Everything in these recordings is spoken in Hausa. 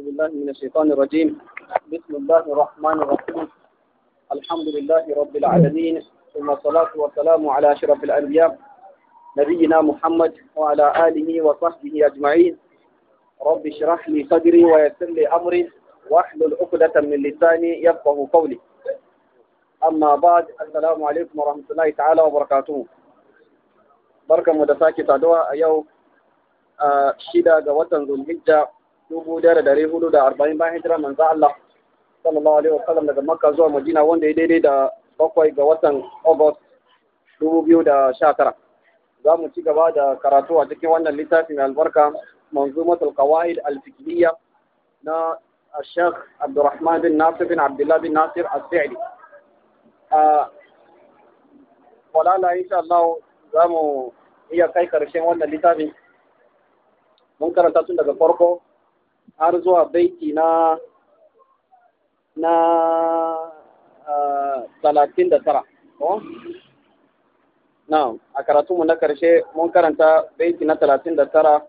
أعوذ بالله من الشيطان الرجيم بسم الله الرحمن الرحيم الحمد لله رب العالمين ثم الصلاة والسلام على أشرف الأنبياء نبينا محمد وعلى آله وصحبه أجمعين رب اشرح لي صدري ويسر لي أمري واحلل عقدة من لساني يفقه قولي أما بعد السلام عليكم ورحمة الله تعالى وبركاته بركة مدفاكة دواء يوم آه، شدة وطن ذو الهجة dubu ɗaya da dari hudu da arba'in bayan hijira manzo Allah sallallahu alaihi wasallam daga Makka zuwa Madina wanda ya daidai da bakwai ga watan August dubu biyu da sha tara. Za mu ci gaba da karatu a cikin wannan littafi mai albarka manzumatul qawaid al-fiqhiyya na الشيخ عبد bin Nasir bin بن bin Nasir بن ناصر السعدي wala la insha Allah za mu iya kai karshen wannan littafin mun karanta tun daga farko har zuwa baiti na na talatin da tara na a karatunmu na karshe mun karanta baiti na talatin da tara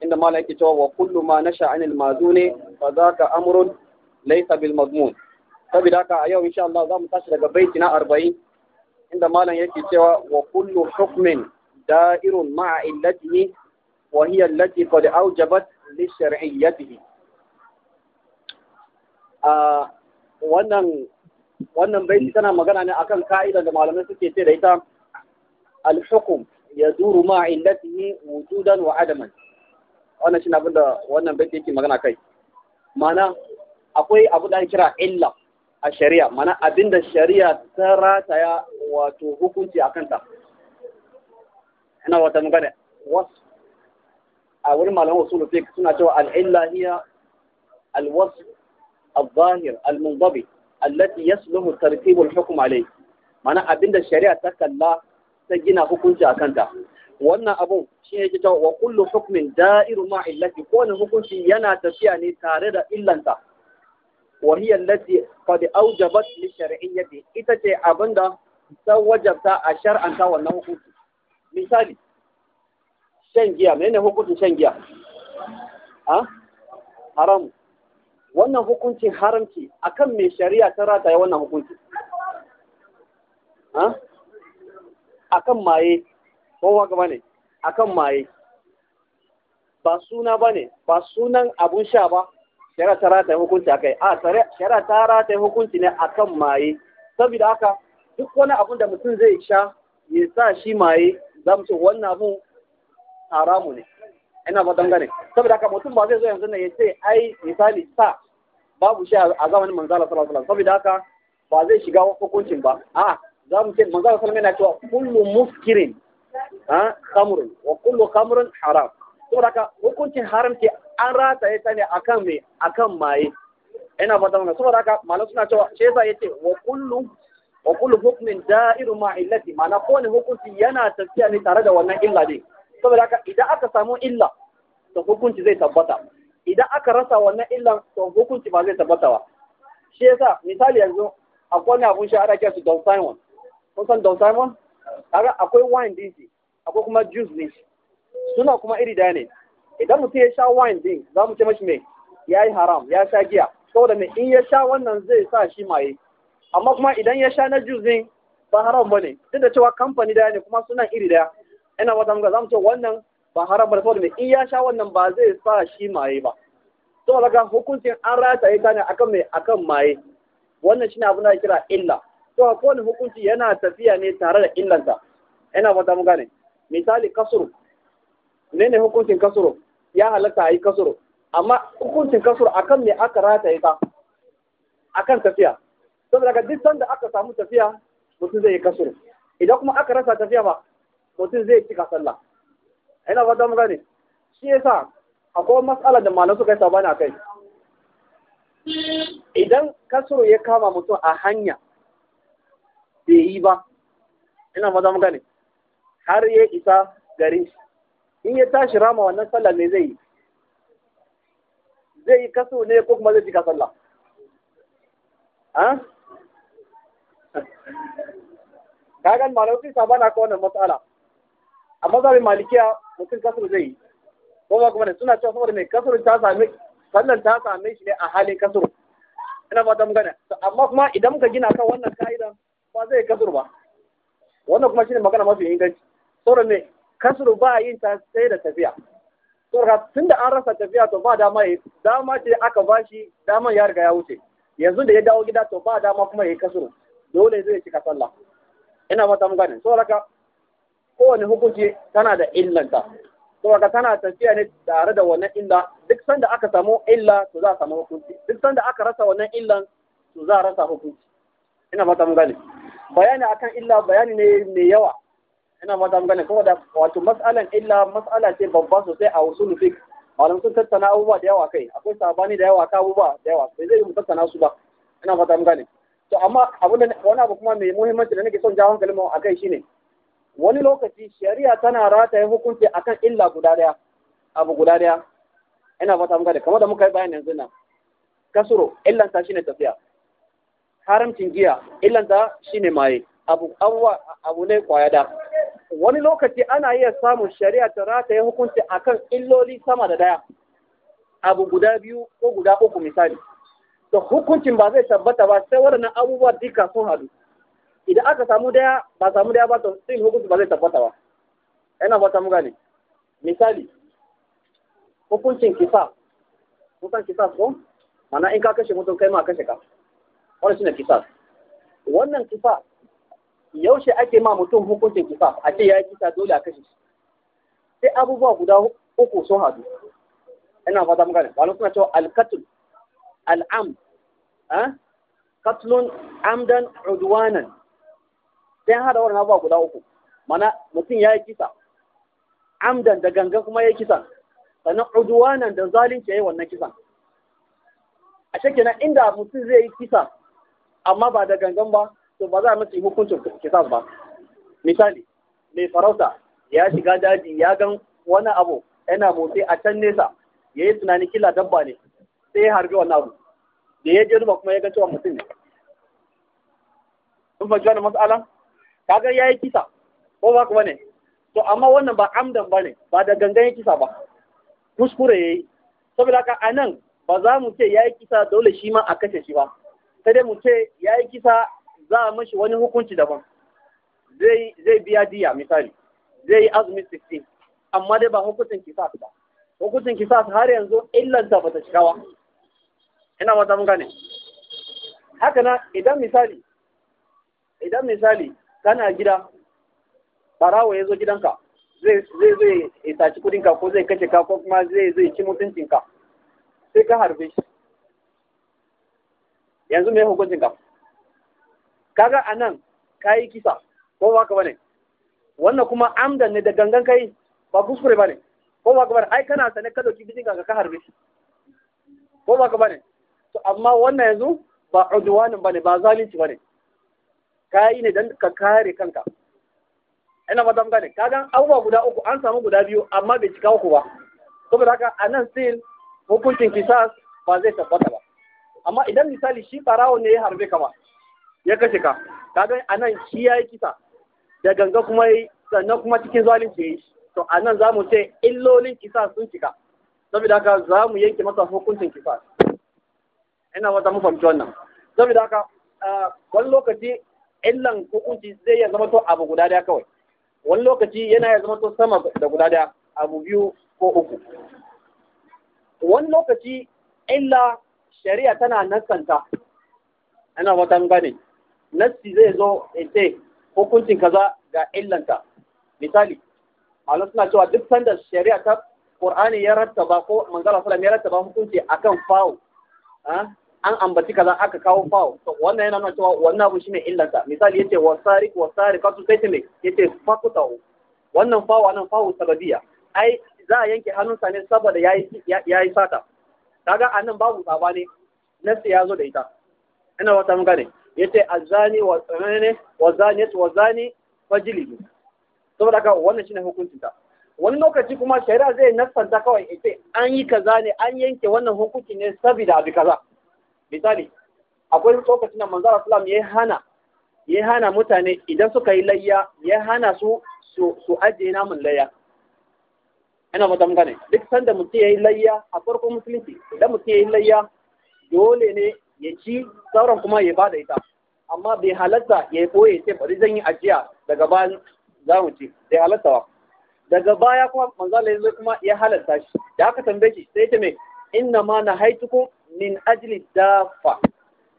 inda malam yake cewa wa kullu ma nasha anil mazuni fa ka amrun laisa bil mazmun saboda haka a yau insha Allah za mu tashi daga baiti na arba'in, inda malam yake cewa wa kullu hukmin da'irun ma'a illatihi wa hiya allati qad awjabat lishar'iyyatihi a wannan wannan bai tana magana ne akan ka'ida da malamai suke ce da ita al-hukm duru ma illatihi wujudan wa adaman wannan shi abin da wannan bai yake magana kai mana akwai abu da kira illa a shari'a mana abinda shari'a ta rataya wato hukunci a kanta ina wata magana wasu a wurin malaman usul fiqh suna cewa al-illa hiya al-wasf al-zahir al-mundabi allati yasluhu tartib al-hukm mana abinda shari'a ta kalla ta gina hukunci a kanta wannan abun shi ne cewa wa kullu hukmin da'iru ma illati kowane hukunci yana tafiya ne tare da illanta wa hiya allati qad awjabat li shar'iyyati ita ce abinda ta wajabta a shar'anta wannan hukunci misali shan giya menene hukuncin shan giya ha haram wannan hukuncin haramci akan mai shari'a ta rataye wannan hukunci ha akan maye ko haka bane akan maye ba suna bane ba sunan abun sha ba shari'a ta rataye hukunci akai a shari'a ta rataye hukunci ne akan maye saboda haka duk wani abun da mutum zai sha ya sa shi maye za mu ce wannan abun haramu ne ina ba dangane saboda haka mutum ba zai zo yanzu ne ya ce ai misali sa babu shi a zamanin Allah sallallahu alaihi wasallam saboda haka ba zai shiga hukuncin ba a za mu ce manzala sallallahu alaihi wasallam yana cewa kullu muskirin ha khamrun wa kullu khamrun haram saboda haka hukuncin ke an rataye ta ne akan me akan maye ina ba dangane saboda haka malam suna cewa shi yasa yace wa kullu wa kullu hukmin da'iru ma illati ma'ana kowane hukunci yana tafiya ne tare da wannan illa ne saboda haka idan aka samu illa to hukunci zai tabbata idan aka rasa wannan illan to hukunci ba zai tabbata ba shi yasa misali yanzu akwai wani abun sha ana su Don Simon kun san Don Simon kaga akwai wine din shi akwai kuma juice din shi suna kuma iri daya ne idan mutum ya sha wine din za mu ce mashi me ya yi haram ya sha giya saboda me in ya sha wannan zai sa shi maye amma kuma idan ya sha na juice din ba haram ne. duk da cewa kamfani daya ne kuma sunan iri daya ina wata muka zamu ce wannan ba haram ba saboda in ya sha wannan ba zai sa shi maye ba to daga hukuncin an rataye ta ne akan mai akan maye wannan shine abin da kira illa to a kowane hukunci yana tafiya ne tare da illanta ina wata muka ne. misali kasuru ne ne hukuncin kasuru ya halatta yi kasuru amma hukuncin kasuru akan mai aka rataye ka akan tafiya saboda duk sanda aka samu tafiya mutum zai yi kasuru idan kuma aka rasa tafiya ba mutum zai cika sallah ina fata mu gane shi yasa akwai matsala da malam suka yi sabani a kai idan kasuru ya kama mutum a hanya bai yi ba ina fata mu gane har ya isa gari. in ya tashi rama wannan sallah ne zai yi zai yi kasu ne ko kuma zai cika sallah kagan malam sabana ko wannan matsala a mazhabin malikiya mutum kasar zai yi ko ba kuma suna cewa saboda mai kasar ta same sannan ta same shi ne a halin kasar ina fata mun gane amma kuma idan muka gina kan wannan ka'idan ba zai kasar ba wannan kuma shine magana mafi inganci saboda mai kasar ba yin ta sai da tafiya saboda da an rasa tafiya to ba dama ya dama ce aka bashi dama ya riga ya wuce yanzu da ya dawo gida to ba dama kuma ya yi kasar dole zai cika sallah ina mata mun gane saboda kowane hukunci tana da illanta saboda tana tafiya ne tare da wannan illa duk sanda aka samu illa to za a samu hukunci duk sanda aka rasa wannan illan to za a rasa hukunci ina fata mun gane bayani akan illa bayani ne mai yawa ina fata mun gane da wato mas'alan illa mas'ala ce babba sosai a wasu fiqh malam sun tattauna abubuwa da yawa kai akwai sabani da yawa ka abubuwa da yawa bai zai mu tattauna su ba ina fata mun gane to amma abin da wani abu kuma mai muhimmanci da nake son jawo hankalin akai shine wani lokaci shari'a tana rataye hukunci akan illa guda daya abu guda daya ina fata muka da kamar da muka yi bayan yanzu nan kasuro illanta shine tafiya haramcin giya illanta shine maye abu abu ne kwaya da wani lokaci ana iya samun shari'a ta rataye hukunci akan illoli sama da daya abu guda biyu ko guda uku misali to hukuncin ba zai tabbata ba sai waɗannan abubuwa duka sun haɗu idan aka samu daya ba samu daya ba to sai hukunci ba zai tabbata ba yana ba samu gane misali hukuncin kisa hukuncin kisa ko mana in ka kashe mutum kai ma kashe ka wannan shine kisa wannan kisa yaushe ake ma mutum hukuncin kisa a ce ya kisa dole a kashe shi sai abubuwa guda uku sun haɗu ina fata mu gane wani suna cewa al-am al'am ah, katlun amdan udwanan sai hada wannan abubuwa guda uku mana mutum ya yi kisa amdan da gangan kuma ya yi kisa sannan uduwanan da zalunci ya yi wannan kisa a shakina inda mutum zai yi kisa amma ba da gangan ba to ba za a masa hukuncin kisa ba misali mai farauta ya shiga daji ya gan wani abu yana motsi a can nesa ya yi tunanin kila dabba ne sai ya harbi wannan abu da ya je kuma ya ga cewa mutum ne kun fahimci wannan mas'ala kaga yayi kisa ko ba kuma ne to amma wannan ba amdan bane ba da gangan kisa ba kuskure yayi saboda haka anan ba za mu ce yayi kisa dole shi ma a kashe shi ba sai dai mu ce yayi kisa za a mashi wani hukunci daban zai zai biya diya misali zai yi azumi 16 amma dai ba hukuncin kisa ba hukuncin kisa har yanzu illanta ta shiga ba ina mata mun gane haka na idan misali idan misali kana gida barawa ya zo gidanka zai zai ya saci kudinka ko zai kace ka ko kuma zai zai ci mutuncinka sai ka harbe shi yanzu me hukuncin ka kaga anan yi kisa ko ba ka bane wannan kuma amdan ne da gangan kai ba kuskure ba ne ko ba ka bane ai kana sane ka dauki bijin ka ka harbe shi ko ba ka bane to amma wannan yanzu ba udwanin bane ba zalunci bane ka yi ne don ka kare kanka ina mata gane kaga abubuwa guda uku an samu guda biyu amma bai cika uku ba saboda haka a nan sin hukuncin kisas ba zai tabbata ba amma idan misali shi farawo ne ya harbe kama ya kashe ka kaga a nan shi ya yi kisa da ganga kuma yi sannan kuma cikin zalunci ya to a nan za mu ce illolin kisa sun cika saboda haka za mu yanke masa hukuncin kisas ina wata mu fahimci wannan saboda haka ah, wani lokaci illan hukunci zai ya zama to abu guda daya kawai wani lokaci yana ya zama to sama da guda daya abu biyu ko uku wani lokaci illa shari'a tana nasanta ana wata gane nassi zai zo ce hukuncin kaza ga illanta misali malam suna cewa duk sanda shari'a ta Qur'ani ya rattaba ko manzala wasallam ya rattaba hukunci akan fawo an ambaci kaza aka kawo fawo to wannan yana nuna cewa wannan abu shine illanta." misali yace wasariq wasariqatu sai me yace faqtau wannan fawo nan fawo sababiya ai za a yanke hannunsa ne saboda yayi yayi sata kaga anan babu ne. nasi ya zo da ita ina wata mun gane yace azani wa tsanane eh, wa zaniyatu wa zani saboda ka wannan shine hukuncin ta wani lokaci kuma shari'a zai nassanta kawai ita an yi kaza ne an yanke wannan hukunci ne saboda abi kaza misali akwai lokacin da manzo Allah ya hana ya hana mutane idan suka yi layya ya hana su su ajiye namun layya ina mata gane duk sanda mutum ya yi layya a farko musulunci idan mutum ya yi layya dole ne ya ci sauran kuma ya bada ita amma bai halatta ya yi koye ce bari zan yi ajiya daga bayan za mu ci bai halatta ba daga baya kuma manzo Allah kuma ya halatta shi da aka tambaye shi sai ta me inna ma na haitukum min ajli dafa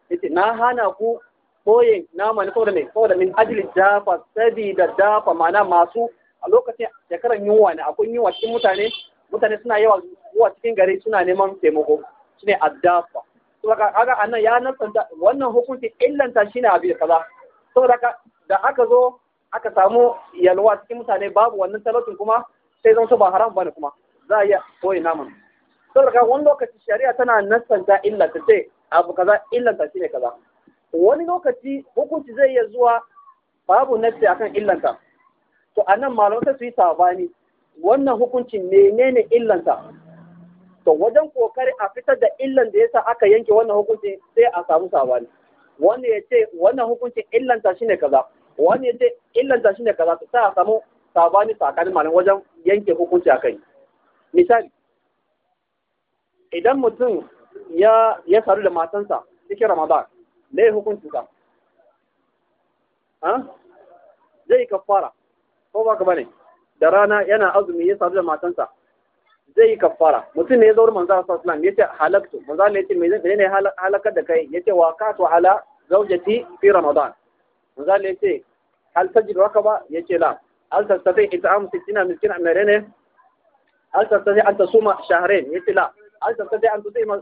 ita na hana ku boye nama ne saboda me saboda min ajli dafa sabida dafa mana masu a lokacin shekaran yunwa ne akwai yunwa cikin mutane mutane suna yawa zuwa cikin gari suna neman taimako shine addafa saboda aga anan ya nasanta wannan hukunci illanta shine abi kaza saboda da aka zo aka samu yalwa cikin mutane babu wannan talaucin kuma sai zan so ba haram bane kuma za a iya boye naman saboda wani lokaci shari'a tana nasanta illa ta ce abu kaza illanta shine kaza wani lokaci hukunci zai iya zuwa babu nassi akan illanta to anan malamai su yi sabani wannan hukunci menene illanta to wajen kokari a fitar da illan da yasa aka yanke wannan hukunci sai a samu sabani wanda ya ce wannan hukuncin illanta shine kaza wanda ya ce illanta shine kaza sai a samu sabani tsakanin malamai wajen yanke hukunci kai, misali idan mutum ya ya saru da matansa cikin Ramadan me hukuncin sa ha zai kafara ko ba ka bane da rana yana azumi ya saru da matansa zai yi kafara mutum ne ya zaura manzo sallallahu alaihi wasallam yace halaktu manzo ne yace me zai ne halakar da kai yace wa to ala zaujati fi ramadan manzo ne yace hal tajid rakaba yace la hal tastati it'am 60 miskina menene hal tastati an tasuma shahrayn yace la an sarsa sai an zo ima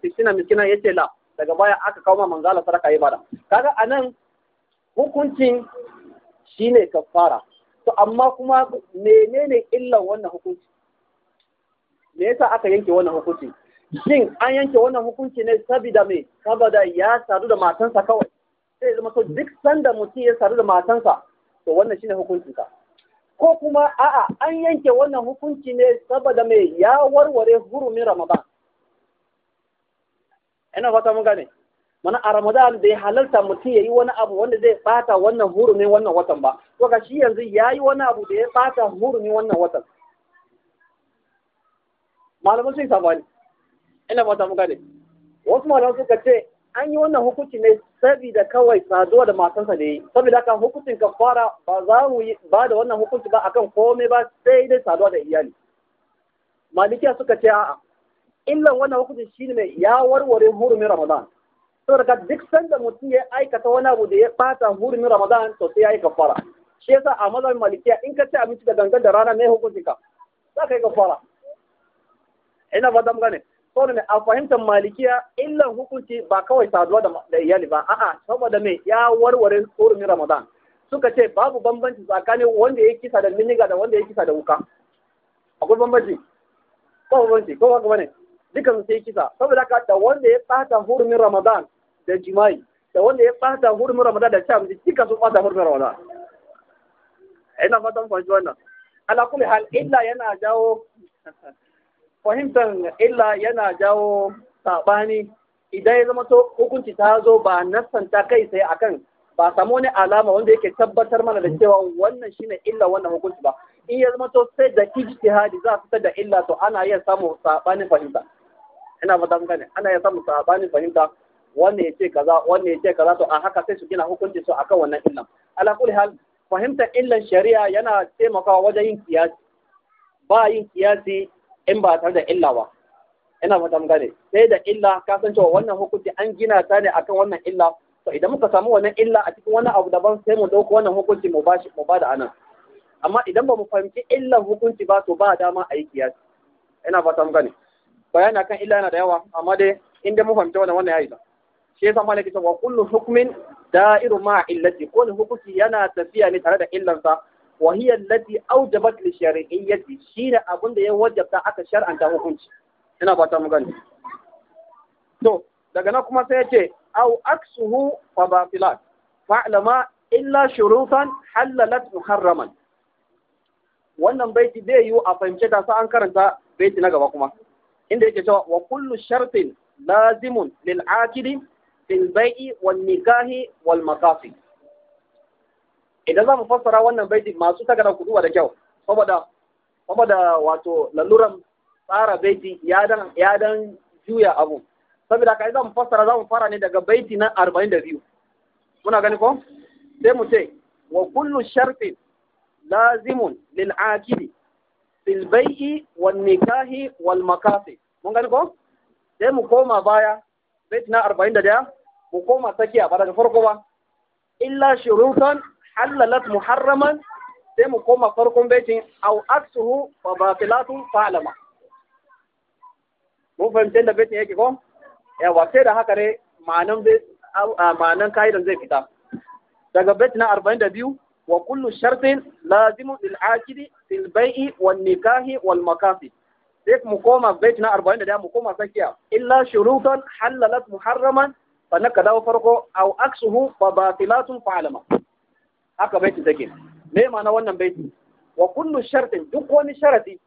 fiskina eh, eh, miskina ya ce la daga baya aka kawo ma manzala sadaka ya bada kaga anan hukuncin shine kafara to amma kuma menene illan wannan hukunci me yasa aka yanke wannan hukunci shin an yanke wannan hukunci ne saboda me saboda ya sadu da matansa kawai sai zama so duk sanda mutum ya sadu da matansa to wannan shine hukuncinsa ko kuma a'a an yanke wannan hukunci ne saboda mai ya warware hurumin Ramadan. Ina fata mun gane. Mana a Ramadan bai halarta mutum ya yi wani abu wanda zai bata wannan hurumin wannan watan ba. To ga shi yanzu ya yi wani abu da ya bata hurumin wannan watan. Malamin sun sabani. Ina fata mun gane. Wasu malaman suka ce an yi wannan hukunci ne saboda kawai saduwa da matansa da yi saboda kan hukuncin kafara ba za mu yi ba da wannan hukunci ba akan komai ba sai dai saduwa da iyali malikiya suka ce a'a illan wannan hukuncin shine mai ya warware hurumin ramadan saboda ka duk sanda mutum ya aikata wani abu da ya bata hurumin ramadan to sai ya yi kafara shi yasa a mazan malikiya in ka ci abinci da gangan da rana ne hukuncin ka za ka yi kafara ina ba dam gane saboda mai a fahimtar malikiya illan hukunci ba kawai saduwa da iyali ba a'a saboda mai ya warware hurumin ramadan suka ce babu bambanci tsakanin wanda ya kisa da miniga da wanda ya kisa da wuka akwai bambanci ko bambanci ko haka bane dukan sai kisa saboda ka da wanda ya bata hurumin ramadan da jima'i da wanda ya bata hurumin ramadan da cam, da duka su bata hurumin ramadan ina fatan fahimci wannan ala kulli hal illa yana jawo fahimtar illa yana jawo saɓani idan ya zama hukunci ta zo ba nassanta kai sai akan ba samu wani alama wanda yake tabbatar mana da cewa wannan shine illa wannan hukunci ba in ya zama to sai da ijtihadi za su da illa to ana iya samu saɓani fahimta ina fata mun gane ana iya samu saɓani fahimta wannan yace kaza wannan yace kaza to a haka sai su gina hukunci su akan wannan illan ala kulli hal fahimtar illan shari'a yana taimakawa wajen yin kiyasi ba yin kiyasi in ba tare da illa ba ina fata mun gane sai da illa ka san cewa wannan hukunci an gina ta ne akan wannan illa to idan muka samu wannan illa a cikin wani abu daban sai mu dauko wannan hukunci mu bashi mu bada anan amma idan ba mu fahimci illan hukunci ba to ba dama a yi kiyasi ina fata mun gane bayani akan illa yana da yawa amma dai in dai mu fahimci wannan wannan yayi shi yasa malaki wa kullu hukmin da'iru ma illati kullu hukunci yana tafiya ne tare da illansa wa hiya allati awjabat li shar'iyyati shine abin da ya wajabta aka shar'anta hukunci ina fata mu to daga na kuma sai yace au aksuhu fa batilat fa'lama illa shurutan halalat muharraman wannan baiti zai yiwu a fahimce ta sa an karanta baiti na gaba kuma inda yake cewa wa kullu shartin lazimun lil aqidi fil bai'i wan nikahi wal makafi. idan za mu fassara wannan baiti masu takardar kuduwa da kyau saboda saboda wato laluran tsara baiti ya dan juya abu saboda kai za mu fassara za mu fara ne daga baiti na 42 muna gani ko sai mu ce wa kullu sharfin lazimun lil aqidi fil bai'i wan nikahi wal makasi mun gani ko sai mu koma baya baiti na 41 mu koma tsakiya ba daga farko ba illa shurutan halalat muharraman sai mu koma farkon baitin au aksuhu wa batilatun falama mun fahimci da baitin yake ko yawa sai da haka ne ma'anan ma'anan kaidan zai fita daga bait na 42 wa kullu shartin lazimun lil akidi fil bai'i wan nikahi wal makafi sai mu koma bait na 41 mu koma sakiya illa shurutan halalat muharraman fa naka dawo farko au aksuhu fa batilatun falama haka baiti take me ma'ana wannan baiti wa kullu shartin duk wani sharadi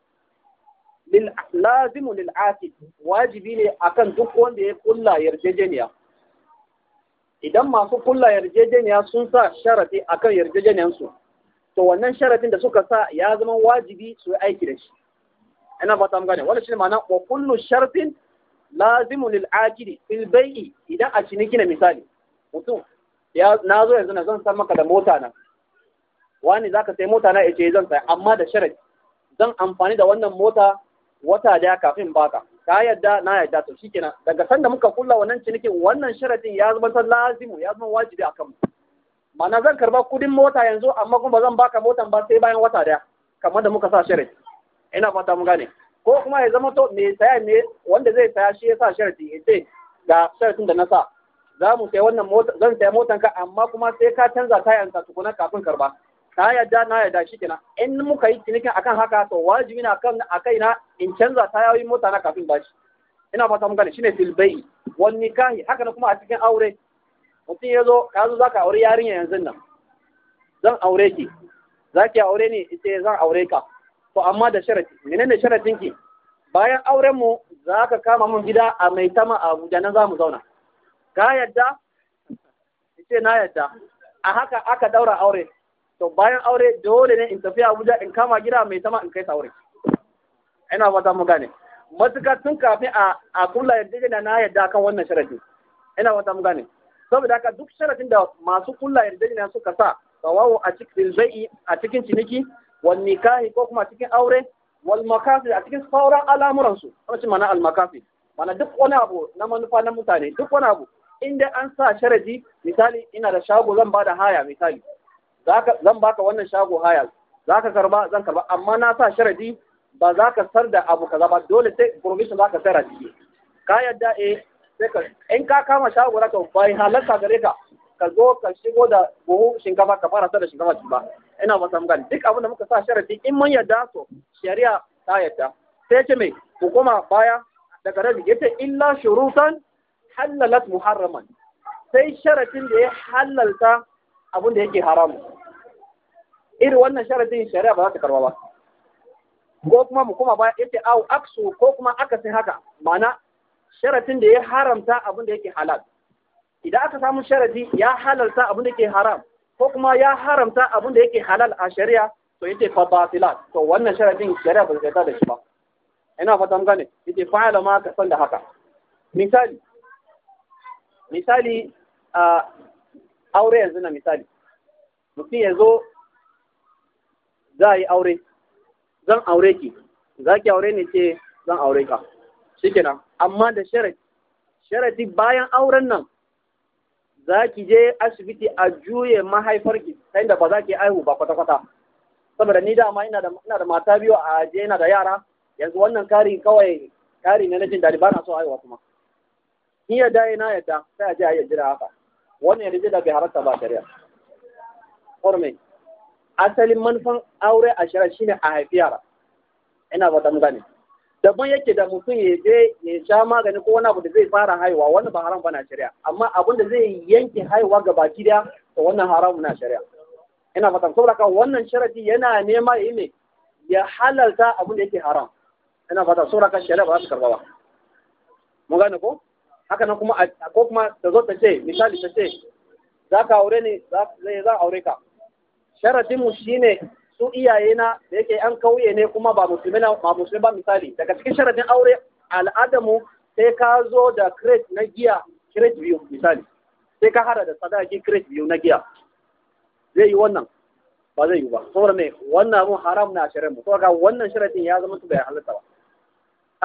lil lazimu lil aqid wajibi ne akan duk wanda ya kulla yarjejeniya idan masu kulla yarjejeniya sun sa sharadi akan yarjejeniyansu to wannan sharadin da suka sa ya zama wajibi su yi aiki da shi ina ba ta gane wannan shine ma'ana wa kullu shartin lazimu lil aqidi fil bai'i idan a ciniki na misali mutum ya na zo yanzu na zan san maka da mota na wani zaka sai mota na yace zan sai amma da sharadi zan amfani da wannan mota wata daya kafin baka ka yadda na yadda to shikenan daga sanda muka kulla wannan ciniki wannan sharadin ya zama ta lazimu ya zama wajibi a kanmu ma'ana zan karba kudin mota yanzu amma kuma zan baka motan ba sai bayan wata daya kamar da muka sa sharadi ina fata mun gane ko kuma ya zama to me saya ne wanda zai saya shi ya sa sharadi ya ce ga sharadin da na sa za mu sai wannan mota zan sai motan ka amma kuma sai ka canza tayan ka tukuna kafin karba ta yadda na yadda kenan in muka yi cinikin akan haka to wajibi na kan akai na in canza tayoyin mota na kafin bashi ina fata mun gane shine fil wani nikahi haka na kuma a cikin aure mutum ya zo ka zo zaka aure yarinya yanzu nan zan aure ki zaki aure ni ita zan aure ka to amma da sharafi. menene sharadin ki bayan auren mu zaka kama mun gida a Maitama a Abuja nan zamu zauna ka yadda ce na yadda a haka aka daura aure to bayan aure dole ne in tafi Abuja in kama gida mai sama in kai aure ina fata mu gane matuka tun kafin a a kulla yarjejeniya na yadda kan wannan sharadi ina fata mu gane saboda haka duk sharadin da masu kulla yarjejeniya suka sa tawawo a cikin zai a cikin ciniki wal nikahi ko kuma cikin aure wal makafi a cikin sauran al'amuransu wannan shi mana al makafi mana duk wani abu na manufa na mutane duk wani abu inda an sa sharadi misali ina da shago zan ba da haya misali zan baka wannan shago haya zaka karba zan karba amma na sa sharadi ba za ka sar da abu kaza ba dole sai provision za ka sayar a ciki ka yadda eh sai ka in ka kama shago na ka bai halarta gare ka ka zo ka shigo da buhu shinkafa ka fara sayar da shinkafa ba ina ba samu duk abin da muka sa sharadi in mun yadda so shari'a ta yadda sai ce ku hukuma baya daga rabi yace illa shurutan halalat muharraman sai sharatin da ya halalta abin da yake haramu irin wannan sharatin shari'a ba za ta karba ba ko kuma mu kuma ba yake au aksu ko kuma aka sai haka mana sharatin da ya haramta abin da yake halal idan aka samu sharadi ya halalta abin da yake haram ko kuma ya haramta abin da yake halal a shari'a to yace fa batilat to wannan sharadin shari'a ba ta da shi ba ina fatan gane yace fa'ala ma ka san da haka misali misali a aure yanzu na misali mutum ya zo za a yi aure zan aure ki za ki aure ne ce zan aure ka shikenan amma da sharadi sharadi bayan auren nan za ki je asibiti a juye mahaifarki ta inda ba za ki aihu ba kwata-kwata saboda ni dama ina da mata biyu a je ina da yara yanzu wannan kari kawai kari ne na jin daɗi na so aiwa kuma in ya dai na yadda sai a je a yi jira haka wannan yadda da bai haramta ba shari'a hormone asalin manufan aure a shari'a shine a haifi yara ina ba dan gane daban yake da mutum ya je ya sha magani ko wani abu da zai fara haihuwa wannan ba haram bana shari'a amma abin da zai yanke haihuwa ga baki da wannan haram na shari'a ina fatan saboda ka wannan sharadi yana nema yi ne ya halalta abin da yake haram ina fatan saboda ka shari'a ba za su karba ba mun gane ko haka nan kuma ko kuma ta zo ta ce misali ta ce za ka aure ni za aure ka sharadin mu shine su iyaye na da yake an kauye ne kuma ba musulmi ba musulmi ba misali daga cikin sharadin aure al'adamu sai ka zo da crate na giya crate biyu misali sai ka hada da sadaki crate biyu na giya zai yi wannan ba zai yi ba saboda me wannan abun haram na shirin mu saboda wannan sharadin ya zama su bai halatta ba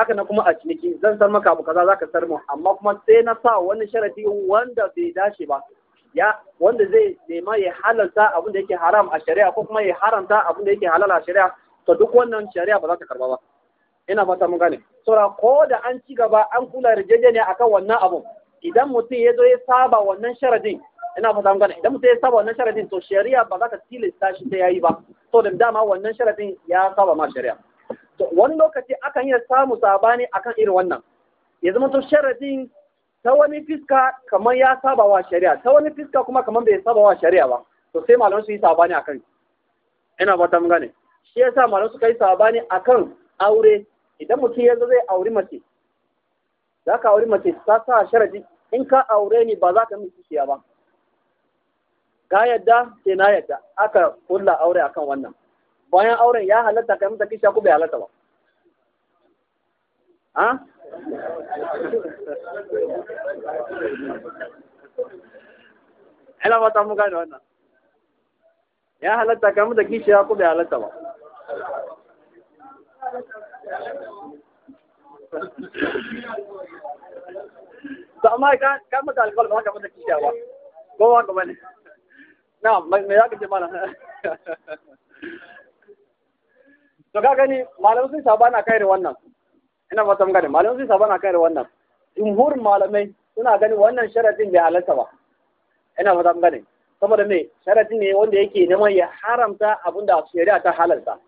haka na kuma a ciniki zan san maka abu kaza zaka sarmu mu amma kuma sai na sa wani sharadi wanda bai dace ba ya wanda zai nema ya halalta abin da yake haram a shari'a ko kuma ya haramta abin da yake halala a shari'a to duk wannan shari'a ba za ta karba ba ina fata mun gane saura ko da an ci gaba an kula yarjejeniya akan wannan abu, idan mutum ya zo ya saba wannan sharadin ina fata mun gane idan mutum ya saba wannan sharadin to shari'a ba za ta tilasta shi ta yayi ba to da dama wannan sharadin ya saba ma shari'a wani lokaci akan iya samu sabani akan irin wannan ya zama to sharadin ta wani fiska kamar ya saba wa shari'a ta wani fiska kuma kamar bai saba wa shari'a ba to sai malaman su yi sabani akan ina fata mun gane shi ya sa malaman su kai sabani akan aure idan mutum ya zai auri mace za ka auri mace ta sa sharadi in ka aure ni ba za ka min kishiya ba ka yadda sai eh, na yadda aka kulla aure akan wannan bayan auren ya halatta kai mata kisha ko bai halatta ba ha ina fata mun gane wannan ya halatta kai mata kisha ko bai halatta ba ta amma ka ka mata ba haka mata kisha ba kowa ka bane na mai ya kace mana to ka gani malamai sun saba na kai da wannan ina fata mun gane malamai sun saba na kai da wannan jumhur malamai suna gani wannan sharadin bai halarta ba ina fata mun gane saboda me sharadin ne wanda yake neman ya haramta abinda shari'a ta halarta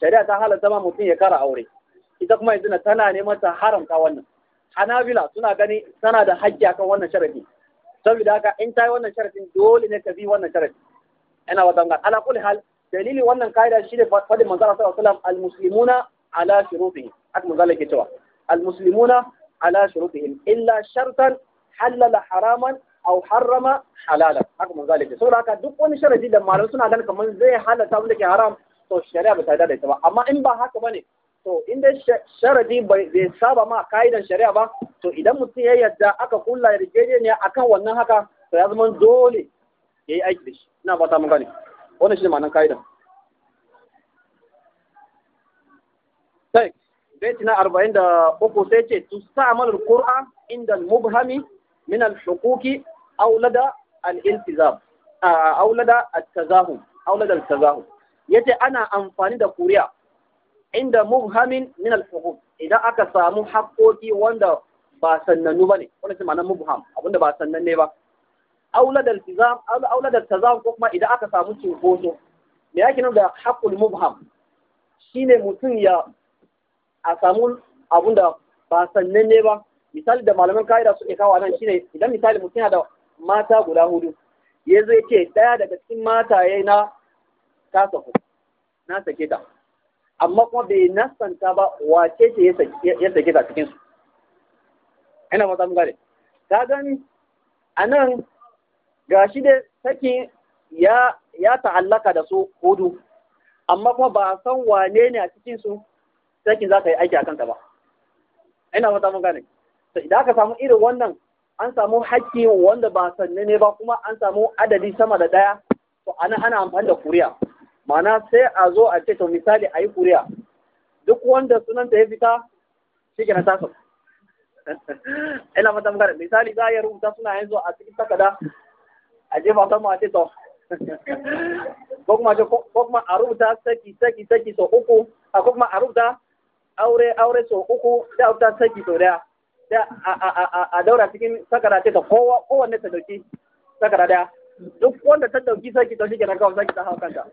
shari'a ta halarta ma mutum ya kara aure ita kuma yanzu tana neman ta haramta wannan hanabila suna gani tana da haƙƙi akan wannan sharadi saboda haka in ta yi wannan sharadin dole ne ka bi wannan sharadi ina wata ala kulli hal dalilin wannan kaida shi ne faɗin manzo Allah sallallahu alaihi wasallam almuslimuna ala shurutihim haka manzo Allah ke cewa almuslimuna ala shurutihim illa shartan halala haraman aw harrama halalan haka manzo Allah ke saboda haka duk wani sharadi da malamai suna ganin kamar zai halata wanda ke haram to shari'a ba ta da ita ba amma in ba haka bane to in dai sharadi bai saba ma kaidan shari'a ba to idan mutum ya yadda aka kulla yarjejeniya akan wannan haka to ya zama dole ya yi aiki da shi ina fata mun gane wannan shi ne ma'anar ka'idan sai beti na arba'in da uku sai ce tu amalar Kur'an inda mubhami min al shukuki aulada al-iltizam aulada al tazahum aulada al-tazahum yace ana amfani da kuriya inda mubhamin min al-huquq idan aka samu haƙoƙi wanda ba sannannu ne. wannan shi ma'anar mubham abinda ba sannan ne ba aula da tazam tazam ko kuma idan aka samu cinkoso me yake nan da haqqul mubham shine mutum ya a samu abun da ba sannan ne ba misali da malaman ka'ida suke kawo nan shine idan misali mutum yana da mata guda hudu ya zo ce daya daga cikin mata na ta saku na sake ta amma kuma bai nasanta ba wace ce ya sake ta cikin su ina mata mun gane ta gani a nan gashi da sakin ya ya ta'allaka da su hudu amma kuma ba san wane ne a cikin su sakin za ka yi aiki a kanka ba ina fata mun gane to idan aka samu irin wannan an samu hakki wanda ba sanne ne ba kuma an samu adadi sama da daya to ana ana amfani da kuriya ma'ana sai a zo a ce to misali a yi kuriya duk wanda sunan ta ya fita shi ke na tasa ina fata mun gane misali za a yi rubuta suna yanzu a cikin takada Aje mata ta mace to ko kuma ko kuma a rubuta saki saki saki so uku a ko kuma a rubuta aure aure so uku da rubuta saki so daya da a daura cikin sakara ce ta kowa kowanne ta dauki sakara daya duk wanda ta dauki saki to shikenan kawai saki ta hau kanta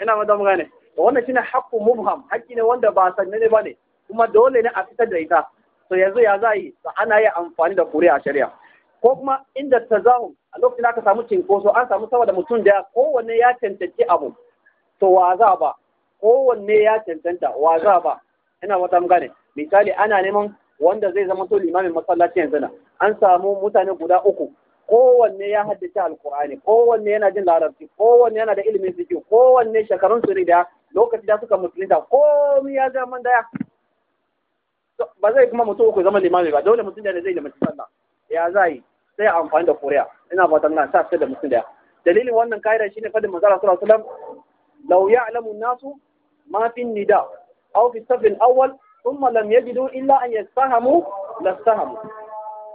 ina ma mu gane wannan shine haqqu mubham haƙƙi ne wanda ba sanne ne bane kuma dole ne a fitar da ita to yanzu ya za yi ana yi amfani da kuri a shari'a ko kuma inda tazahum a lokacin da aka samu cinkoso an samu saboda mutum da kowanne ya cancanci abu to wa za ba kowanne ya cancanta wa za ba ina wata gane misali ana neman wanda zai zama to limamin masallaci yanzu na an samu mutane guda uku kowanne ya haddace alkur'ani kowanne yana jin larabci kowanne yana da ilimin fiki kowanne shekarun su ne da lokaci da suka musulunta komai ya zama daya ba zai kuma mutum uku zama limami ba dole mutum da zai limanci sallah ya za yi sai a amfani da kuriya ina fatan na sa da mutum da dalilin wannan kaida shine fadin manzo Allah sallallahu alaihi wasallam law ya'lamu an-nasu ma fi nida aw fi safin awwal thumma lam yajidu illa an yastahamu lastahamu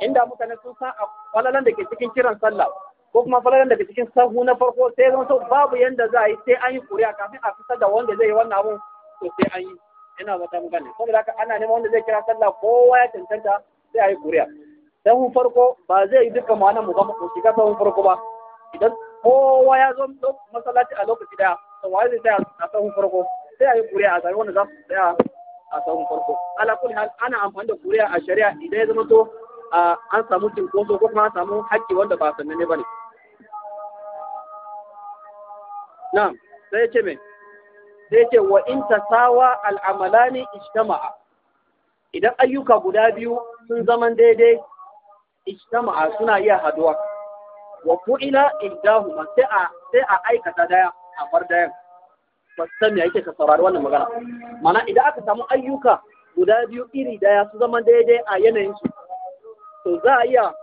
inda mutane sun san falalan da ke cikin kiran sallah ko kuma falalan da ke cikin sahu na farko sai zama to babu yanda za a yi sai an yi kuriya kafin a fitar da wanda zai yi wannan abun to sai an yi ina fatan gane saboda haka ana neman wanda zai kira sallah kowa ya cancanta sai a yi kuriya sahun farko ba zai yi duka ma'ana mu ba mu shiga sahun farko ba idan kowa ya zo masallaci a lokaci daya to wai zai tsaya a sahun farko sai a yi kuriya a sami wanda za su tsaya a sahun farko ala kulli hal ana amfani da kuriya a shari'a idan ya zama to an samu cinkoso ko kuma an samu haƙƙi wanda ba sananne ba ne. Na'am, sai ya ce me sai ya ce wa in tasawa al'amalani ijtama'a. Idan ayyuka guda biyu sun zaman daidai ijtama'a suna iya haduwa wa fu'ila ihdahuma sai a sai a aikata daya a bar daya ba san me yake ka saurari wannan magana mana idan aka samu ayyuka guda biyu iri daya su zama daidai a yanayin su to za a iya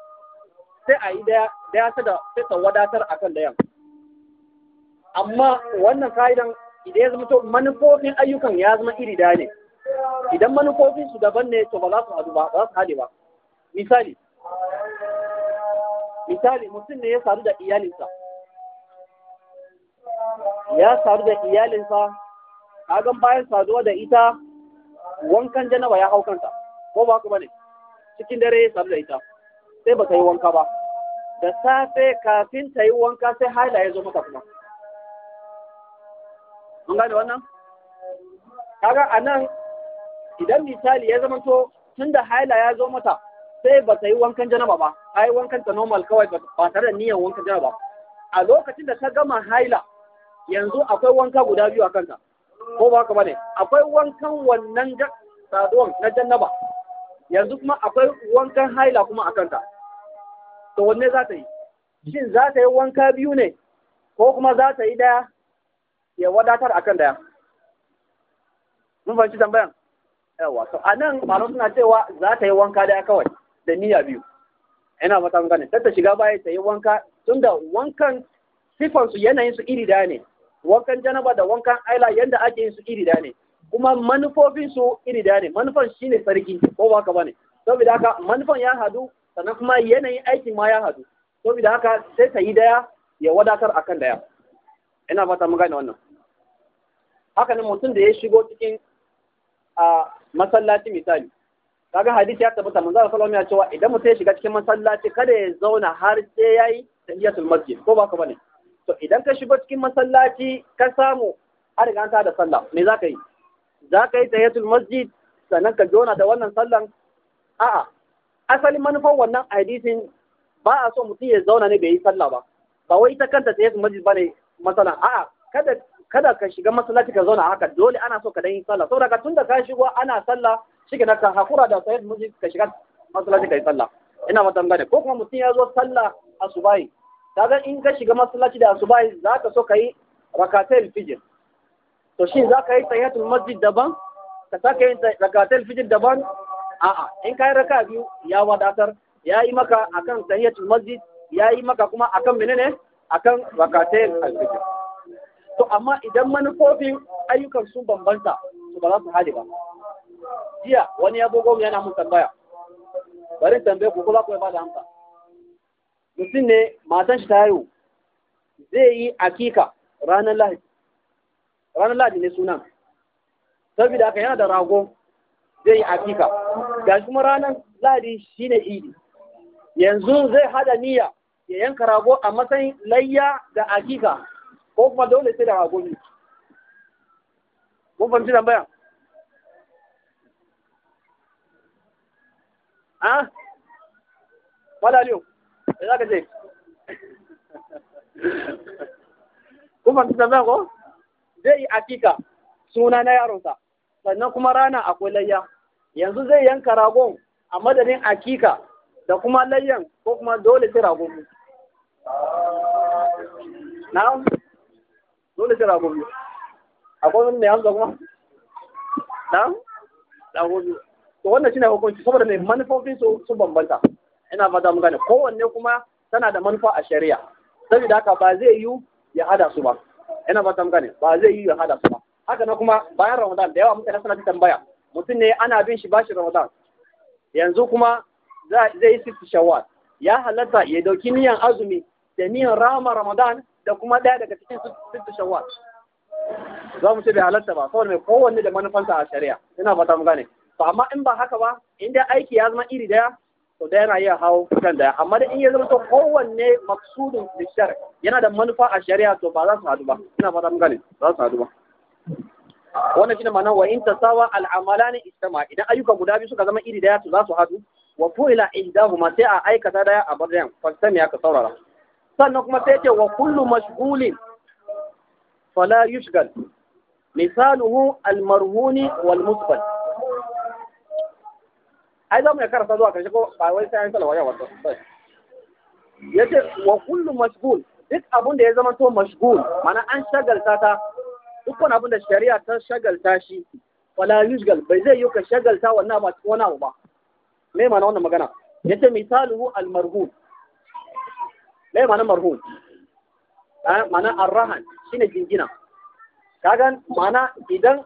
sai a yi daya daya ta da sai ta wadatar akan dayan amma wannan ka'idan idan ya zama to manufofin ayyukan ya zama iri daya ne idan manufofin su daban ne to ba za su hadu ba ba za su hade ba misali misali mutum ne ya sadu da iyalinsa ya sadu da iyalinsa kagan bayan saduwa da ita wankan janaba ya hau kanta ko ba ku ne? cikin dare ya sadu da ita sai ba ta yi wanka ba da safe kafin ta yi wanka sai haila ya zo mata kuma mun gane wannan kaga anan idan misali ya zama tun da haila ya zo mata sai ba ta yi wankan janaba ba ta yi wankan ta normal kawai ba tare da niyan wankan janaba a lokacin da ta gama haila yanzu akwai wanka guda biyu a kanta ko ba haka bane akwai wankan wannan saduwan na Janaba? yanzu kuma akwai wankan haila kuma a kanta to wanne za ta yi shin za ta yi wanka biyu ne ko kuma za ta yi daya ya wadatar akan daya mun fahimci tambayan yawa to anan malamu suna cewa za ta yi wanka daya kawai da niyya biyu ina mata gane ta ta shiga baya ta yi wanka tunda wankan sifan su yanayin su iri daya ne wankan janaba da wankan aila yanda ake yin su iri daya ne kuma manufofin su iri daya ne manufan shine sarki ko ba ka bane saboda haka manufan ya hadu sannan kuma yanayin aikin ma ya hadu saboda haka sai ta yi daya ya wadatar akan daya ina mata mun gane wannan haka nan mutum da ya shigo cikin a masallaci misali kaga hadisi ya tabbata manzo sallallahu ya cewa idan mutum ya shiga cikin masallaci kada ya zauna har sai yayi tahiyatul masjid ko ba ka bane to idan ka shiga cikin masallaci ka samu an riga ta da sallah me zaka yi zaka yi tahiyatul masjid sannan ka zauna da wannan sallan a'a asalin manufar wannan hadisin ba a so mutum ya zauna ne bai yi sallah ba ba wai ita kanta tahiyatul masjid bane masalan a'a kada kada ka shiga masallaci ka zauna haka dole ana so ka dan yi sallah saboda ka tunda ka shigo ana sallah na kan hakura da sayar muji ka shiga masallaci kai sallah ina matan gane ko kuma mutum ya zo sallah asubahi kaga in ka shiga masallaci da asubahi za ka so ka yi rakatul fijr to shin za ka yi tahiyatul masjid daban ka sake yin rakatul fijr daban a'a in ka yi raka biyu ya wadatar ya yi maka akan tahiyatul masjid ya yi maka kuma akan menene akan rakatul fijr to amma idan manufofin ayyukan sun bambanta to ba za su hali ba jiya wani ya bugo mu yana mun tambaya bari tambaye ku ko za ku ba da amsa mutum ne matan shi ta zai yi akika ranar lahadi ranar lahadi ne sunan saboda haka yana da rago zai yi akika ga kuma ranar lahadi shine idi yanzu zai hada niyya ya yanka rago a matsayin layya da akika ko kuma dole sai da rago ne mun fahimci tambaya ah wala liyo da za ka ce kuma ta tambaya ko zai yi akika suna na yaronsa sannan kuma rana akwai layya yanzu zai yanka ragon a madadin akika da kuma layyan ko kuma dole sai ragon na dole sai ragon akwai wani mai hamza kuma na ragon to wannan shine hukunci saboda mai manufofin su sun bambanta ina fata mun gane kowanne kuma tana da manufa a shari'a saboda haka ba zai yiwu ya hada su ba ina fata mun gane ba zai yiwu ya hada su ba haka na kuma bayan Ramadan da yawa mutane suna tambaya mutum ne ana bin shi bashi Ramadan yanzu kuma zai yi sittu shawar. ya halatta ya dauki niyan azumi da niyan rama Ramadan da kuma daya daga cikin sittu shawar. za mu ce bai halatta ba saboda mai kowanne da manufansa a shari'a ina fata mun gane Ba amma in ba haka ba in dai aiki ya zama iri daya to da yana iya hau kan daya amma da in ya zama to kowanne maksudin bishar yana da manufa a shari'a to ba za su hadu ba ina fata mun gane za su hadu ba wannan shine ma'anar wa in tasawa istama idan ayyuka guda biyu suka zama iri daya to za su hadu wa fu'ila ihdahuma sai a aikata daya a bar dayan fasami aka saurara sannan kuma sai ce wa kullu mashghulin fala yushgal misaluhu al-marhuni wal musbal ai za mu ya karasa zuwa karshe ko ba wai sai an salawa yawa ya ce wa kullum mashgul duk abin da ya zama to mashgul mana an shagalta ta dukkan abin da shari'a ta shagalta shi wala yujgal bai zai yi ka shagalta wannan abu cikin wani abu ba me mana wannan magana ya ce misaluhu almarhum me mana marhum ah, mana arrahan shine jingina kaga mana idan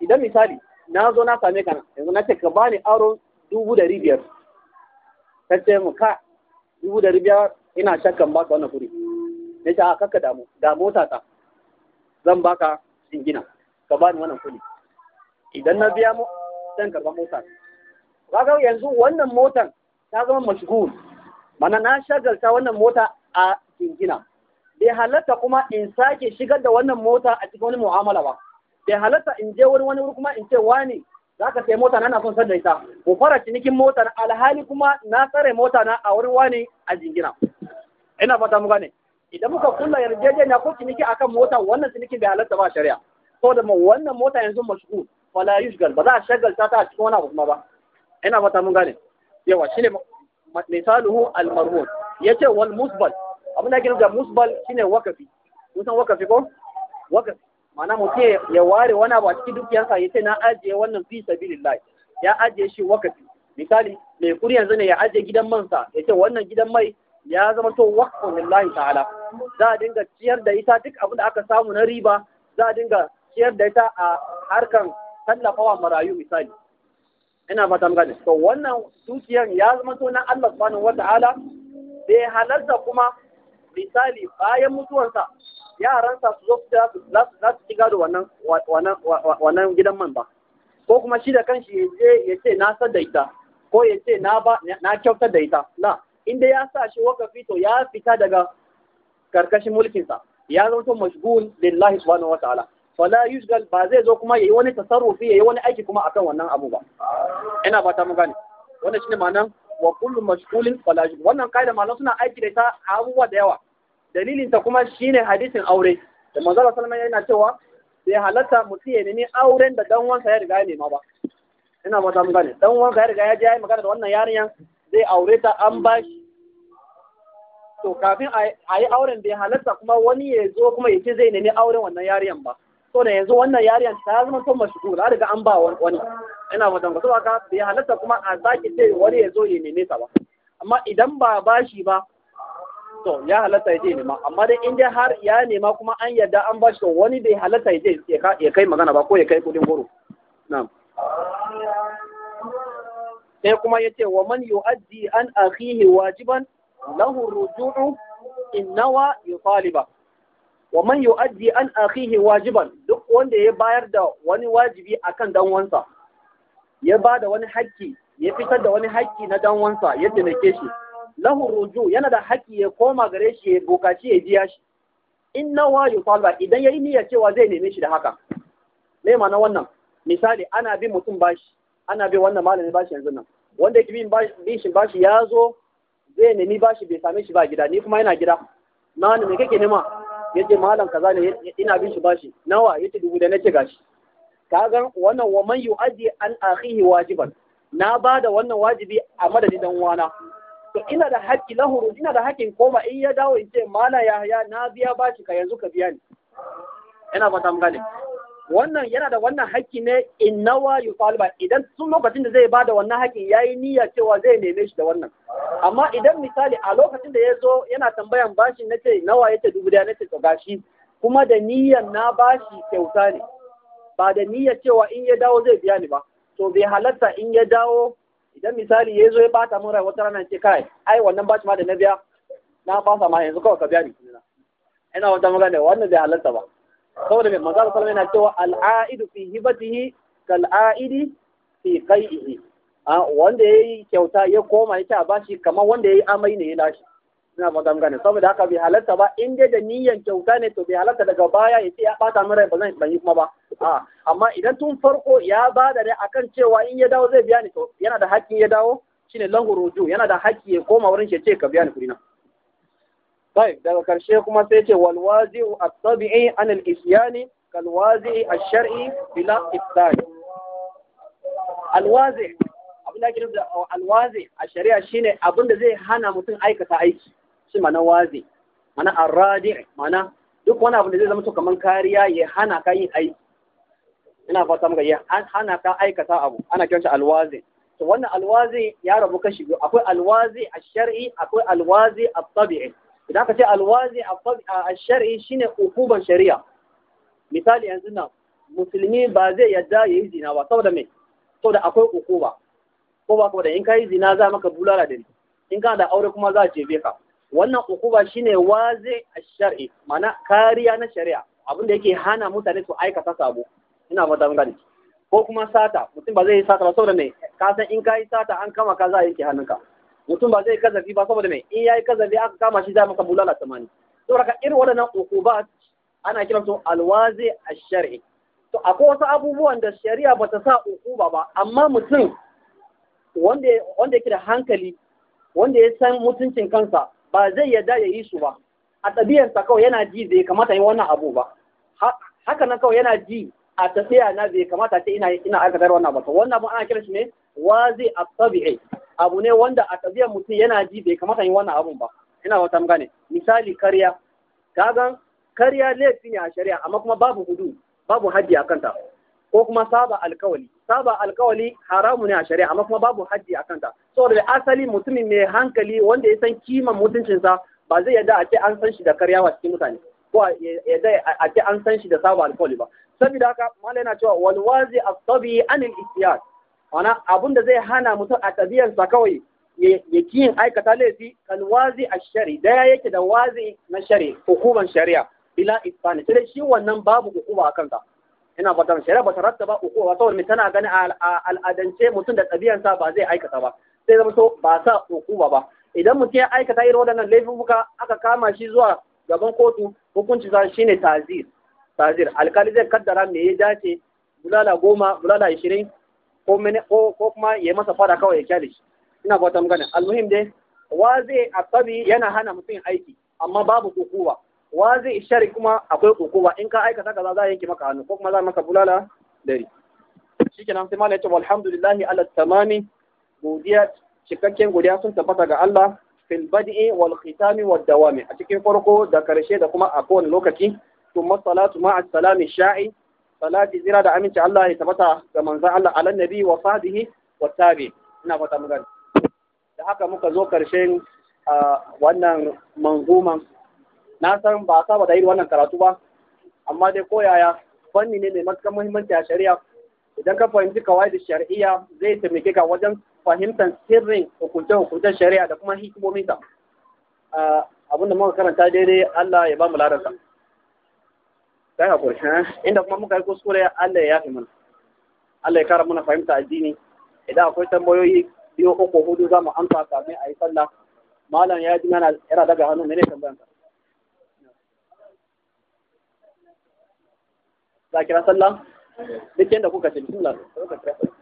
idan misali na zo na same ka yanzu na ce ka bani aro dubu ɗari biyar ta ce mu ka dubu ɗari biyar ina shakkan baka wannan kuɗi na ce a kakka damu da mota ta zan baka jingina ka bani wannan kuɗi idan na biya mu zan karɓa mota kaga yanzu wannan motan ta zama mashgul mana na shagalta wannan mota a jingina bai halatta kuma in sake shigar da wannan mota a cikin wani mu'amala ba bai halatta in je wani wani kuma in ce wani za ka sai mota na na son sanda ita ko fara cinikin mota na alhali kuma na tsare mota na a wurin wani a jingina ina fata mu gane idan muka kulla yarjejeniya ko ciniki akan mota wannan cinikin bai halatta ba shari'a da mu wannan mota yanzu mashku wala yushgal ba za a shagalta ta a cikin wani abu kuma ba ina fata mu gane yawa shine misaluhu al yace wal musbal abin da ake nufi da musbal shine wakafi kun san wakafi ko wakafi mana mutum ya ware wani abu a cikin dukiyarsa ya ce na ajiye wannan fi sabilillah ya ajiye shi wakafi misali mai kuri yanzu ne ya ajiye gidan mansa ya ce wannan gidan mai ya zama to waqfun lillahi ta'ala za a dinga ciyar da ita duk abin da aka samu na riba za a dinga ciyar da ita a harkan tallafawa marayu misali ina fata gane to wannan dukiyar ya zama to na Allah subhanahu wata'ala bai halarta kuma misali bayan mutuwarsa yaransa su zo su za su ci gado wannan gidan man ba ko kuma shi da kanshi ya je ya ce na sa da ita ko ya ce na ba na kyautar da ita la inda ya sa shi waka fito ya fita daga karkashin sa, ya zama mashgul lillahi subhanahu wa ta'ala fala yusgal ba zai zo kuma yayi wani tasarrufi yayi wani aiki kuma akan wannan abu ba ina fata mu gane wannan shine ma'anar wa kullu fa fala yusgal wannan kaida malam suna aiki da ta abubuwa da yawa dalilinta kuma shine hadisin aure da manzala salman yana cewa bai halatta mutum ya nemi auren da dan wansa ya riga ya nema ba ina mata mun gane dan wansa ya riga ya je ya magana da wannan yarinyan zai aure ta an ba shi to kafin a yi auren bai halatta kuma wani ya zo kuma ya ce zai nemi auren wannan yarinyan ba so da yanzu wannan yarinyan ta zama son mashhur da riga an ba wani ina mata mun saboda bai halatta kuma a sake ce wani ya zo ya neme ta ba amma idan ba bashi ba to ya halatta ya je nema amma dai in dai har ya nema kuma an yarda an ba shi to wani bai halatta ya je ya kai magana ba ko ya kai kudin goro na'am sai kuma ya ce wa man yu'addi an akhihi wajiban lahu ruju'u in nawa yutaliba wa man yu'addi an akhihi wajiban duk wanda ya bayar da wani wajibi akan dan wansa ya ba da wani hakki ya fitar da wani hakki na dan wansa ya ke shi lahu ruju yana da haƙƙi ya koma gare shi ya bukaci ya biya shi in nawa yusalba idan yayi niyya cewa zai neme shi da haka me ma'ana wannan misali ana bi mutum bashi ana bi wannan malami bashi yanzu nan wanda yake bi shi bashi ya zo zai nemi bashi bai same shi ba gida ni kuma yana gida na ne me kake nema yace malam kaza ne ina bin shi bashi nawa yace dubu da ce gashi kaga wannan wa man yu'addi an akhihi wajiban na bada wannan wajibi a madadin dan uwana to ina da haƙƙi na huru ina da haƙƙin koma in ya dawo in ce mala yahya na biya bashi ka yanzu ka biya ni ina fata mun gane wannan yana da wannan haƙƙi ne in nawa falba idan sun lokacin da zai bada wannan haƙƙi yayi niyya cewa zai neme shi da wannan amma idan misali a lokacin da ya zo yana tambayan bashi na ce nawa yace dubu daya nace to gashi kuma da niyyar na bashi kyauta ne ba da niyyar cewa in ya dawo zai biya ni ba to bai halatta in ya dawo idan misali ya zo ya bata mun rai wata rana ce kai ai wannan bashi ma da na biya na fasa ma yanzu kawai ka biya ni ina wata magana wannan bai halarta ba saboda mai manzo sallallahu yana cewa al'aidu fi hibatihi kal aidi fi qai'ihi ah, wanda yayi kyauta ya koma yake a bashi kamar wanda ya yi amai ne ya lashi ina ba zan gane saboda haka bai halarta ba in dai da niyyar kyauta ne to bai halarta daga baya ya ce ya bata min rai ba zan ban yi kuma ba a amma idan tun farko ya ba da rai akan cewa in ya dawo zai biya ni to yana da haƙƙin ya dawo shine lango rojo yana da haƙƙi ya koma wurin shi ya ce ka biya ni kuɗi na bai daga karshe kuma sai ce wal wazi'u at-tabi'i an al-isyani kal wazi'i ash-shar'i bila ifsad al abin da ake nufi da wazi' a shari'a shine abin da zai hana mutum aikata aiki shi mana waze mana arradi mana duk wani abu da zai zama to kaman kariya ya hana ka yin aiki ina fata maka ya hana ka aikata abu ana kiran shi alwazi to wannan alwazi ya rabu kashi biyu akwai alwazi a shari akwai alwazi at-tabi'i idan aka ce alwazi ash-shar'i shine hukuban shari'a misali yanzu nan musulmi ba zai yadda ya yi zina ba saboda me saboda akwai hukuba ko ba ko da in ka yi zina za maka bulala da ni in kana da aure kuma za a jebe ka wannan ukuba shine waze a shari mana kariya na shari'a abinda yake hana mutane su aikata sabo ina fata mun gani ko kuma sata mutum ba zai yi sata ba saboda me ka san in kai sata an kama ka za a yanke hannunka mutum ba zai kazafi ba saboda me in yayi kazafi aka kama shi za maka bulala tamani saboda ka irin waɗannan ukuba ana kiran su alwaze a shari to akwai wasu abubuwan da shari'a ba ta sa ukuba ba amma mutum wanda wanda yake da hankali wanda ya san mutuncin kansa ba zai yadda ya yi su ba a ɗabi'arsa kawai yana ji bai kamata yi wannan abu ba haka nan kawai yana ji a tafiya na bai kamata ce ina ina aikatar wannan ba wannan abu ana kira shi ne wazi at-tabi'i abu ne wanda a tabiyan mutum yana ji bai kamata yi wannan abun ba ina wata gane misali karya kagan karya laifi ne a shari'a amma kuma babu hudu babu hajji a kanta ko kuma saba alkawali saba alkawali haramu ne a shari'a amma kuma babu haji a kanta saboda asali mutumin mai hankali wanda ya san kiman mutuncinsa ba zai yadda a ce an san shi da karyawa cikin mutane ko yadda a ce an san shi da saba alkawali ba saboda haka mala yana cewa wazi asabi anil ihtiyar ana abun da zai hana mutum a tabiyarsa kawai ya kiyin aikata laifi kalwazi a ashari daya yake da wazi na shari hukuman shari'a bila isfani sai shi wannan babu hukuma a kanta. ina fatan shari'a ba ta rattaba uku ba saboda tana gani a al'adance mutum da ɗabi'ansa ba zai aikata ba sai zama so ba sa uku ba idan mutum ya aikata irin waɗannan laifuka aka kama shi zuwa gaban kotu hukunci sa shine tazir tazir alkali zai kaddara me ya dace bulala goma bulala ishirin ko kuma ya masa fada kawai ya kyale shi ina fatan gani almuhim dai wa zai asabi yana hana mutum aiki amma babu hukuma wa zai shari kuma akwai kokowa in ka aikata kaza za a yanke maka hannu ko kuma za a maka bulala dari shikenan sai malai ya ce walhamdulillahi ala tamami godiya cikakken godiya sun tabbata ga Allah fil bad'i wal khitami wad dawami a cikin farko da karshe da kuma a kowane lokaci thumma salatu ma'a salami sha'i salati zira da aminci Allah ya tabbata ga manzon Allah alan nabi wa sahbihi wa tabi ina fata mu da haka muka zo karshen ah, wannan manzuman na san ba a saba da irin wannan karatu ba amma dai ko yaya fanni ne mai matuƙar muhimmanci a shari'a idan ka fahimci kawai da shari'a zai taimake ka wajen fahimtar sirrin hukunce-hukuncen shari'a da kuma hikimominsa abin da muka karanta daidai Allah ya ba mu ladarsa sai hakuri inda kuma muka yi kuskure Allah ya yafe mana Allah ya kara mana fahimta addini idan akwai tambayoyi biyu uku hudu za mu amsa kafin a yi sallah malam ya ji mana yana daga hannu ne ne tambayanka za kira sallah duk yadda kuka ce bismillah ka kira sallah